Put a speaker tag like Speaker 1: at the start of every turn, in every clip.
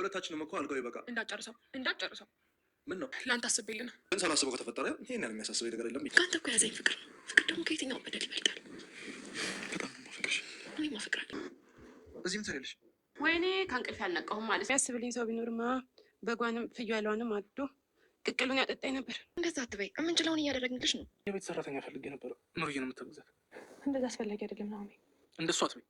Speaker 1: ለሁለታችንም እኮ አልጋው ይበቃ።
Speaker 2: እንዳጨርሰው እንዳጨርሰው ምን ነው ለአንተ አስቤልህ ነው
Speaker 1: ግን ሳላስበው ከተፈጠረ ይሄን ያህል የሚያሳስበኝ ነገር የለም።
Speaker 2: ከአንተ እኮ ያዘኝ ፍቅር ፍቅር ደግሞ ከየትኛው በደል ይበልጣል።
Speaker 1: በጣም ማፍቅርሽ ወይ ማፍቅራል። እዚህ ምን ትልልሽ?
Speaker 2: ወይኔ ከእንቅልፍ ያልነቃሁም ማለት ነው። ያስብልኝ ሰው ቢኖርማ በጓንም ፍየሏንም አዶ ቅቅሉን ያጠጣኝ ነበር። እንደዛ አትበይ። የምንችለውን እያደረግንልሽ ነው።
Speaker 1: የቤት ሰራተኛ ፈልጌ ነበረ ኑርዬን የምታግዛት።
Speaker 2: እንደዛ አስፈላጊ አይደለም ናሆሜ፣
Speaker 1: እንደሱ አትበይ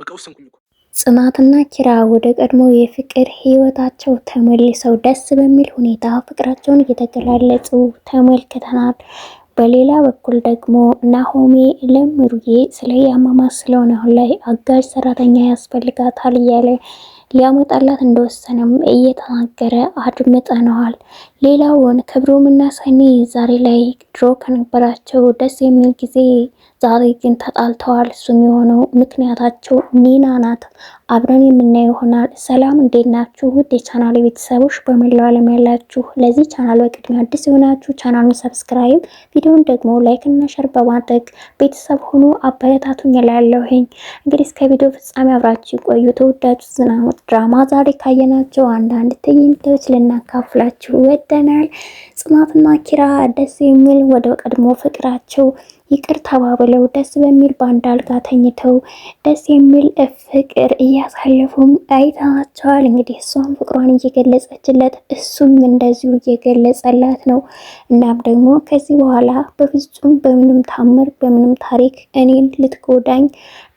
Speaker 1: በቃ ወሰንኩኝ እኮ።
Speaker 3: ጽናትና ኪራ ወደ ቀድሞ የፍቅር ህይወታቸው ተመልሰው ደስ በሚል ሁኔታ ፍቅራቸውን እየተገላለጹ ተመልክተናል። በሌላ በኩል ደግሞ ናሆሜ ለምሩዬ ስለ ያማማ ስለሆነ አሁን ላይ አጋዥ ሰራተኛ ያስፈልጋታል እያለ ሊያመጣላት እንደወሰነም እየተናገረ አድምጠነዋል። ሌላውን ክብሮምና ሰኒ ዛሬ ላይ ድሮ ከነበራቸው ደስ የሚል ጊዜ ዛሬ ግን ተጣልተዋል። እሱም የሆነው ምክንያታቸው ኒና ናት። አብረን የምናየው ይሆናል። ሰላም እንዴት ናችሁ? ውድ የቻናል ቤተሰቦች በመላው ዓለም ያላችሁ ለዚህ ቻናል በቅድሚ አዲስ የሆናችሁ ቻናሉን ሰብስክራይብ፣ ቪዲዮን ደግሞ ላይክ እና ሸር በማድረግ ቤተሰብ ሆኖ አበረታቱኝ እላለሁኝ። እንግዲህ እስከ ቪዲዮ ፍጻሜ አብራችሁ ቆዩ። ተወዳጁ ዝናሙ ሐሞት ድራማ ዛሬ ካየናቸው አንዳንድ ትዕይንቶች ልናካፍላችሁ ወደናል። ጽናትና ኪራ ደስ የሚል ወደ ቀድሞ ፍቅራቸው ይቅር ተባብለው ደስ በሚል በአንድ አልጋ ተኝተው ደስ የሚል ፍቅር እያሳለፉም አይተዋቸዋል። እንግዲህ እሷም ፍቅሯን እየገለጸችለት እሱም እንደዚሁ እየገለጸላት ነው። እናም ደግሞ ከዚህ በኋላ በፍጹም በምንም ታምር በምንም ታሪክ እኔን ልትጎዳኝ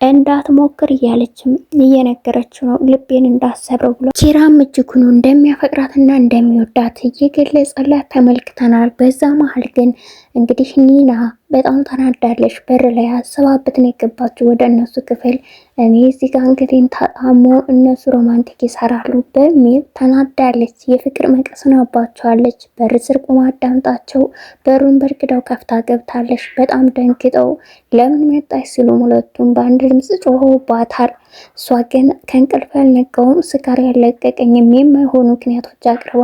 Speaker 3: እንዳትሞክር እያለችም እየነገረችው ነው። ልቤን እንዳሰብረው ብሎ ኪራም እጅጉኑ እንደሚያፈቅራትና እንደሚወዳት እየገለጸላት ተመልክተናል። በዛ መሀል ግን እንግዲህ ኒና በጣም ተናዳለች። በር ላይ አሰባብት ነው የገባችው ወደ እነሱ ክፍል። እኔ እዚህ ጋር እንግዲህ ታሞ እነሱ ሮማንቲክ ይሰራሉ በሚል ተናዳለች። የፍቅር መቀስ አባቸዋለች። በር ስር ቆማ አዳምጣቸው በሩን በርግዳው ከፍታ ገብታለች። በጣም ደንግጠው ለምን መጣች ሲሉ ሁለቱም በአንድ ድምፅ ጮኸውባታል። እሷ ግን ከእንቅልፍ ያልነቀውም ስካር ያለቀቀኝም የማይሆኑ ምክንያቶች አቅርባ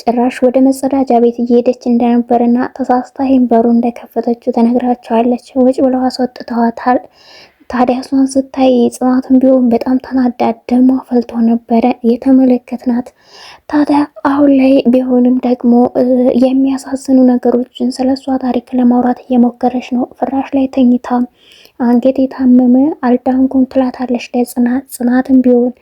Speaker 3: ጭራሽ ወደ መጸዳጃ ቤት እየሄደች እንደነበርና ተሳስታ ይህን በሩ እንደከፈተችው ተነግራቸዋለች። ውጭ ብለው አስወጥተዋታል። ታዲያ እሷን ስታይ ጽናትን ቢሆን በጣም ተናዳ ደሞ ፈልቶ ነበረ የተመለከትናት። ታዲያ አሁን ላይ ቢሆንም ደግሞ የሚያሳዝኑ ነገሮችን ስለሷ ታሪክ ለማውራት እየሞከረች ነው። ፍራሽ ላይ ተኝታ አንገት የታመመ አልዳንኩም ትላታለች ለጽናት ጽናትን ቢሆን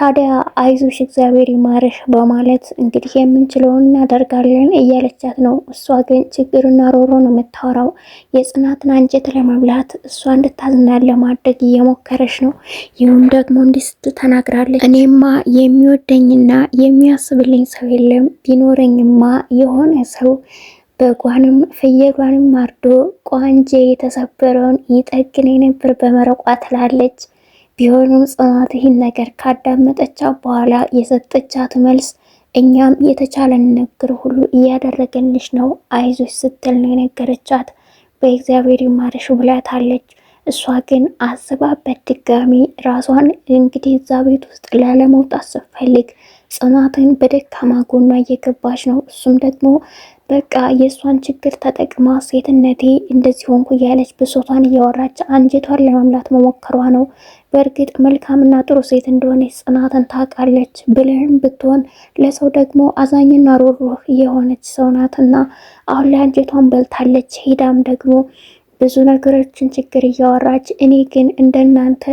Speaker 3: ታዲያ አይዞሽ እግዚአብሔር ይማርሽ በማለት እንግዲህ የምንችለውን እናደርጋለን እያለቻት ነው። እሷ ግን ችግርና ሮሮ ነው የምታወራው። የጽናትን አንጀት ለመብላት እሷ እንድታዝናን ለማድረግ እየሞከረች ነው። ይሁም ደግሞ እንዲህ ስትል ተናግራለች። እኔማ የሚወደኝና የሚያስብልኝ ሰው የለም። ቢኖረኝማ የሆነ ሰው በጓንም ፍየሏንም አርዶ ቋንጄ የተሰበረውን ይጠግን የነበር በመረቋ ትላለች። ቢሆኑም ጽናት ይህን ነገር ካዳመጠቻት በኋላ የሰጠቻት መልስ እኛም የተቻለን ነገር ሁሉ እያደረገንሽ ነው፣ አይዞች ስትል ነው የነገረቻት። በእግዚአብሔር ይማርሽ አለች። እሷ ግን አስባበት ድጋሚ ራሷን እንግዲህ እዛ ቤት ውስጥ ላለመውጣት ስትፈልግ ጽናትን በደካማ ጎኗ እየገባች ነው። እሱም ደግሞ በቃ የእሷን ችግር ተጠቅማ ሴትነቴ እንደዚህ ሆንኩ እያለች ብሶቷን እያወራች አንጀቷን ለመምላት መሞከሯ ነው። በእርግጥ መልካምና ጥሩ ሴት እንደሆነች ጽናትን ታውቃለች። ብልህም ብትሆን ለሰው ደግሞ አዛኝና ሮህሩህ የሆነች ሰው ናትና አሁን ላይ አንጀቷን በልታለች። ሄዳም ደግሞ ብዙ ነገሮችን ችግር እያወራች እኔ ግን እንደናንተ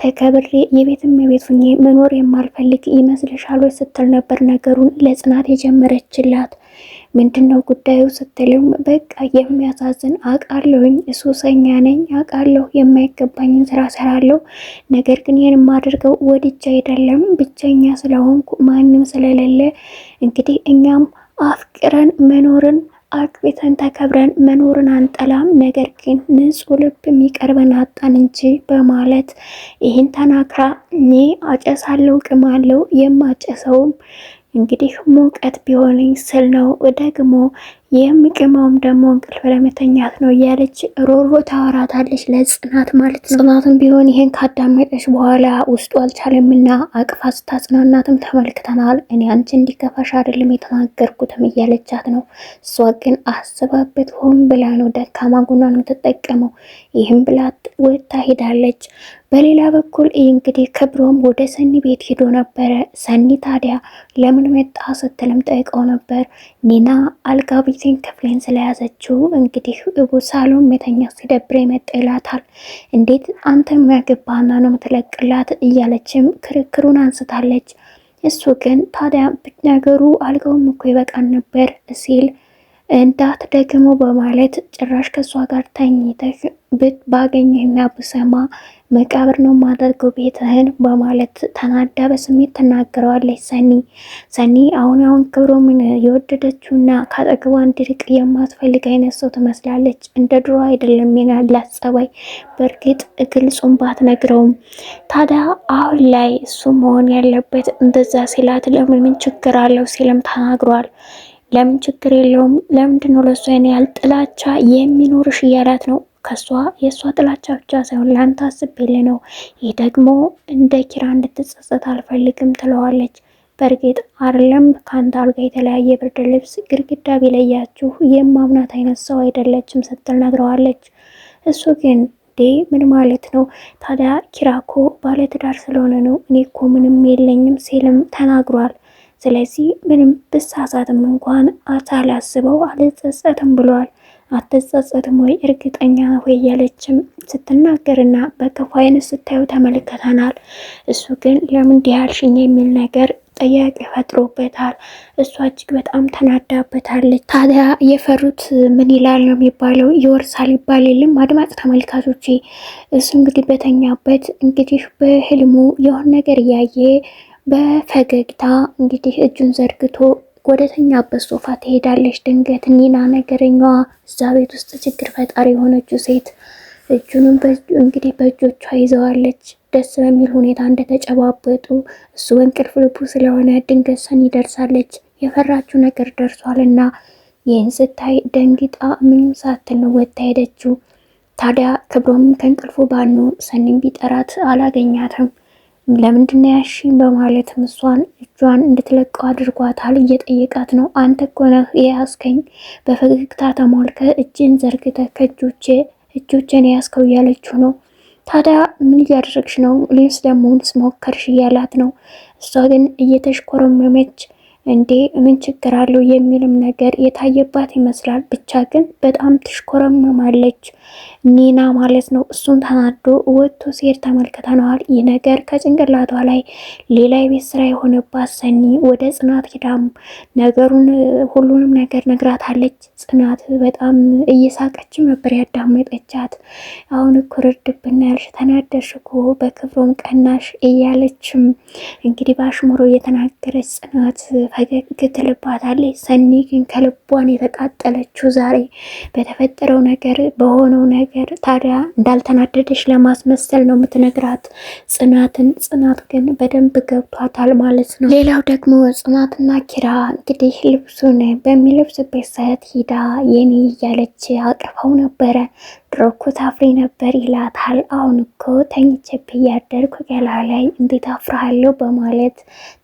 Speaker 3: ተከብሬ የቤትም የቤት ሁኜ መኖር የማልፈልግ ይመስልሻሉ? ስትል ነበር ነገሩን ለጽናት የጀመረችላት። ምንድን ነው ጉዳዩ ስትልም በቃ የሚያሳዝን አውቃለሁኝ፣ ሱሰኛ ነኝ አውቃለሁ፣ የማይገባኝን ስራ ሰራለሁ። ነገር ግን ይህን የማደርገው ወድጄ አይደለም፣ ብቸኛ ስለሆንኩ ማንም ስለሌለ እንግዲህ እኛም አፍቅረን መኖርን ቤተን ተከብረን መኖርን አንጠላም፣ ነገር ግን ንጹህ ልብ የሚቀርበን አጣን እንጂ በማለት ይህን ተናግራ እኔ አጨሳለሁ፣ ቅማለሁ የማጨሰውም እንግዲህ ሙቀት ቢሆንኝ ስል ነው ደግሞ የሚቅመውም ደግሞ እንቅልፍ ለመተኛት ነው እያለች ሮሮ ታወራታለች ለጽናት ማለት ጽናትም ቢሆን ይሄን ካዳመጠች በኋላ ውስጡ አልቻለምና አቅፋ ስታጽናናትም ተመልክተናል። እኔ አንቺ እንዲከፋሽ አይደለም የተናገርኩትም እያለቻት ነው። እሷ ግን አስባበት ሆን ብላ ነው ደካማ ጎኗን የምትጠቀመው። ይህም ብላት ወጥታ ሄዳለች። በሌላ በኩል ይህ እንግዲህ ክብሮም ወደ ሰኒ ቤት ሄዶ ነበረ። ሰኒ ታዲያ ለምን መጣ ስትልም ጠይቀው ነበር ኒና አልጋብ ቁልፌን ክፍሌን ስለያዘችው እንግዲህ ሳሎን መተኛ ሲደብር የመጣ ይላታል። እንዴት አንተ የሚያገባና ነው የምትለቅላት እያለችም ክርክሩን አንስታለች። እሱ ግን ታዲያ ነገሩ አልገውም እኮ ይበቃን ነበር ሲል እንዳት ደግሞ በማለት ጭራሽ ከእሷ ጋር ተኝተህ ባገኘ የሚያብሰማ መቃብር ነው ማደርገው ቤትህን በማለት ተናዳ በስሜት ትናገረዋለች ሰኒ። ሰኒ አሁን አሁን ክብሮምን የወደደችውና ከአጠገቧ እንዲርቅ የማትፈልግ አይነት ሰው ትመስላለች። እንደ ድሮ አይደለም ያላት ጸባይ። በእርግጥ ግልጹም ባትነግረውም ታዲያ አሁን ላይ እሱ መሆን ያለበት እንደዛ ሲላት ለምን ምን ችግር አለው ሲልም ተናግሯል። ለምን ችግር የለውም ለምንድነው ለእሱ ያህል ጥላቻ የሚኖርሽ እያላት ነው ከሷ የእሷ ጥላቻ ብቻ ሳይሆን ለአንተ አስቤል ነው። ይህ ደግሞ እንደ ኪራ እንድትጸጸት አልፈልግም ትለዋለች። በእርግጥ አርለም ከአንተ አልጋ የተለያየ ብርድ ልብስ ግድግዳ ቢለያችሁ የማምናት አይነት ሰው አይደለችም ስትል ነግረዋለች። እሱ ግን ዴ ምን ማለት ነው ታዲያ? ኪራኮ ባለትዳር ስለሆነ ነው እኔ እኮ ምንም የለኝም ሲልም ተናግሯል። ስለዚህ ምንም ብሳሳትም እንኳን አታላስበው አልጸጸትም ብሏል። አትጸጸትም ወይ እርግጠኛ ወይ ያለችም ስትናገርና በክፉ ዓይን ስታዩ ተመልክተናል። እሱ ግን ለምን እንዲህ ያልሽኝ የሚል ነገር ጥያቄ ፈጥሮበታል። እሷ እጅግ በጣም ተናዳበታለች። ታዲያ የፈሩት ምን ይላል ነው የሚባለው? ይወርሳል ይባል የለም። አድማጭ ተመልካቾቼ፣ እሱ እንግዲህ በተኛበት እንግዲህ በህልሙ የሆነ ነገር እያየ በፈገግታ እንግዲህ እጁን ዘርግቶ ተኛበት ሶፋ ትሄዳለች። ድንገት ኒና ነገረኛዋ እዛ ቤት ውስጥ ችግር ፈጣሪ የሆነችው ሴት እጁንም እንግዲህ በእጆቿ ይዘዋለች። ደስ በሚል ሁኔታ እንደተጨባበጡ እሱ እንቅልፍ ልቡ ስለሆነ ድንገት ሰኒ ደርሳለች። የፈራችው ነገር ደርሷልና ይህን ስታይ ደንግጣ ምንም ሳትል ነው ወጥታ ሄደችው። ታዲያ ክብሮም ከእንቅልፉ ባኑ ሰኒም ቢጠራት አላገኛትም። ለምንድን ያሺ በማለት እሷን እጇን እንድትለቀው አድርጓታል። እየጠየቃት ነው። አንተ እኮ ነህ የያዝከኝ፣ በፈገግታ ተሞልከ እጅን ዘርግተ ከእጆቼ እጆቼን የያዝከው እያለችው ነው። ታዲያ ምን እያደረግሽ ነው? ሊንስ ደግሞ ስሞከርሽ እያላት ነው። እሷ ግን እየተሽኮረመመች እንዴ ምን ችግር አለው የሚልም ነገር የታየባት ይመስላል። ብቻ ግን በጣም ትሽኮረመማለች ኒና ማለት ነው። እሱም ተናዶ ወጥቶ ሲሄድ ተመልክተነዋል። ይህ ነገር ከጭንቅላቷ ላይ ሌላ የቤት ስራ የሆነባት ሰኒ ወደ ጽናት ሂዳም ነገሩን ሁሉንም ነገር ነግራታለች። ጽናት በጣም እየሳቀች ነበር ያዳመጠቻት። አሁን ኩርድ ረድብና ያልሽ እኮ በክብሮም ቀናሽ እያለችም እንግዲህ በአሽሙሮ እየተናገረች ጽናት ፈገግ ትልባታለች። ሰኒ ግን ከልቧን የተቃጠለችው ዛሬ በተፈጠረው ነገር በሆነው ነገር ታዲያ እንዳልተናደደች ለማስመሰል ነው የምትነግራት ጽናትን። ጽናት ግን በደንብ ገብቷታል ማለት ነው። ሌላው ደግሞ ጽናትና ኪራ እንግዲህ ልብሱን በሚለብስበት ሰዓት ሂዳ የኔ እያለች አቅፋው ነበረ ድሮ እኮ ነበር ይላታል። አሁን እኮ ተኝቼብ እያደርኩ ገላ ላይ እንዴት አፍራሃለሁ በማለት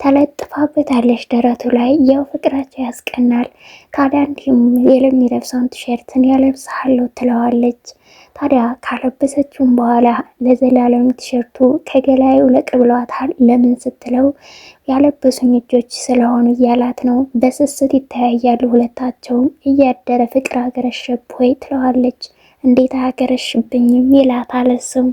Speaker 3: ተለጥፋበታለች ደረቱ ላይ። ያው ፍቅራቸው ያስቀናል። ካዲያ እንዲሁም የሚለብሰውን ቲሸርትን ያለብስሃለሁ ትለዋለች። ታዲያ ካለበሰችውም በኋላ ለዘላለም ቲሸርቱ ከገላዩ ውለቅ ብሏታል። ለምን ስትለው ያለበሱኝ እጆች ስለሆኑ እያላት ነው። በስስት ይተያያሉ። ሁለታቸውም እያደረ ፍቅር አገረሸብ ወይ ትለዋለች። እንዴት አገረሽብኝም ይላታል እሱም።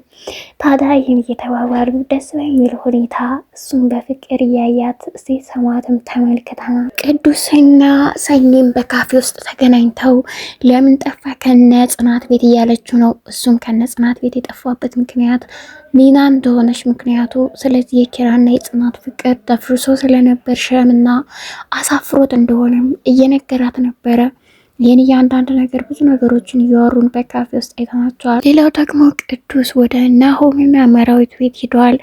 Speaker 3: ታዲያ ይህን እየተባባሉ ደስ በሚል ሁኔታ እሱም በፍቅር እያያት ሰማትም ተመልክታ ቅዱስና ሰኒም በካፌ ውስጥ ተገናኝተው ለምን ጠፋ ከነ ጽናት ቤት እያለችው ነው። እሱም ከነ ጽናት ቤት የጠፋበት ምክንያት ኒና እንደሆነች ምክንያቱ ስለዚህ የኪራና የጽናት ፍቅር ተፍርሶ ስለነበር ሸምና አሳፍሮት እንደሆነም እየነገራት ነበረ። ይህን እያንዳንድ ነገር ብዙ ነገሮችን እያወሩን በካፌ ውስጥ አይተናቸዋል። ሌላው ደግሞ ቅዱስ ወደ ናሆሚና መራዊት ቤት ሂደዋል።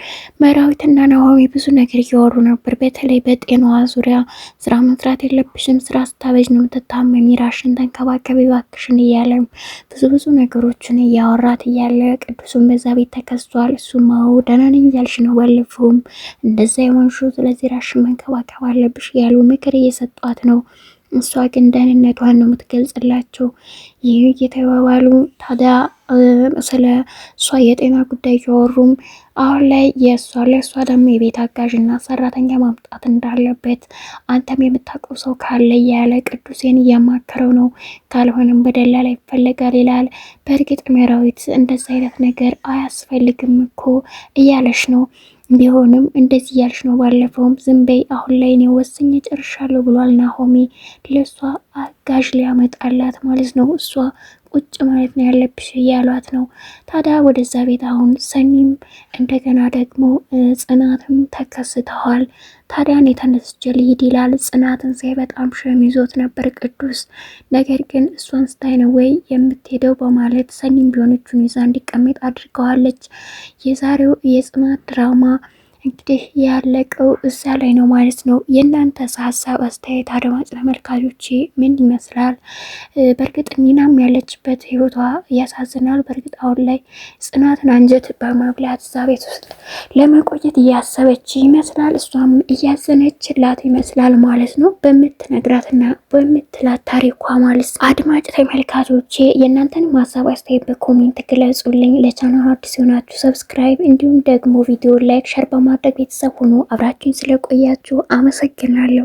Speaker 3: መራዊትና ናሆሚ ብዙ ነገር እያወሩ ነበር። በተለይ በጤናዋ ዙሪያ ስራ መስራት የለብሽም፣ ስራ ስታበጅ ነው የምትታመሚ፣ ራሽን ተንከባከቢ እባክሽን እያለ ብዙ ብዙ ነገሮችን እያወራት እያለ ቅዱስም በዛ ቤት ተከስቷል። እሱ ማው ደህና ነኝ እያልሽ ነው ባለፈውም እንደዛ የሆንሽው፣ ስለዚህ ራሽን መንከባከብ አለብሽ እያሉ ምክር እየሰጧት ነው እሷ ግን ደህንነቷን ነው የምትገልጽላቸው። ይህ እየተባባሉ ታዲያ ስለ እሷ የጤና ጉዳይ እያወሩም አሁን ላይ የእሷ ለእሷ ደግሞ የቤት አጋዥና ሰራተኛ ማምጣት እንዳለበት አንተም የምታውቀው ሰው ካለ ያለ ቅዱሴን እያማከረው ነው። ካልሆነም በደላላ ይፈለጋል ይላል። በእርግጥ መራዊት እንደዚ አይነት ነገር አያስፈልግም እኮ እያለች ነው ቢሆንም እንደዚህ ያልሽ ነው ባለፈውም ዝም በይ አሁን ላይ እኔ ወስኜ ጨርሻለሁ ብሏል ናሆሚ ለእሷ አጋዥ ሊያመጣላት ማለት ነው እሷ ቁጭ ማለት ነው ያለብሽ እያሏት ነው። ታዲያ ወደዛ ቤት አሁን ሰኒም እንደገና ደግሞ ጽናትም ተከስተዋል። ታዲያን እኔ ልሂድ ይላል። ጽናትን ሳይ በጣም ሸም ይዞት ነበር ቅዱስ። ነገር ግን እሷን ስታይ ነው ወይ የምትሄደው በማለት ሰኒም ቢሆን ይዛ እንዲቀመጥ አድርገዋለች። የዛሬው የጽናት ድራማ እንግዲህ ያለቀው እዛ ላይ ነው ማለት ነው። የእናንተስ ሀሳብ አስተያየት አድማጭ ተመልካቾቼ ምን ይመስላል? በእርግጥ ኒናም ያለችበት ህይወቷ ያሳዝናል። በእርግጥ አሁን ላይ ጽናትን አንጀት በማብላት እዛ ቤት ውስጥ ለመቆየት እያሰበች ይመስላል። እሷም እያዘነችላት ይመስላል ማለት ነው በምትነግራትና በምትላት ታሪኳ ማለት አድማጭ ተመልካቾቼ የእናንተን ሀሳብ አስተያየት በኮሜንት ግለጹልኝ። ለቻናል አዲስ የሆናችሁ ሰብስክራይብ እንዲሁም ደግሞ ቪዲዮ ላይክ ሸር በማ በማድረግ ቤተሰብ ሆኖ አብራችሁኝ ስለቆያችሁ አመሰግናለሁ።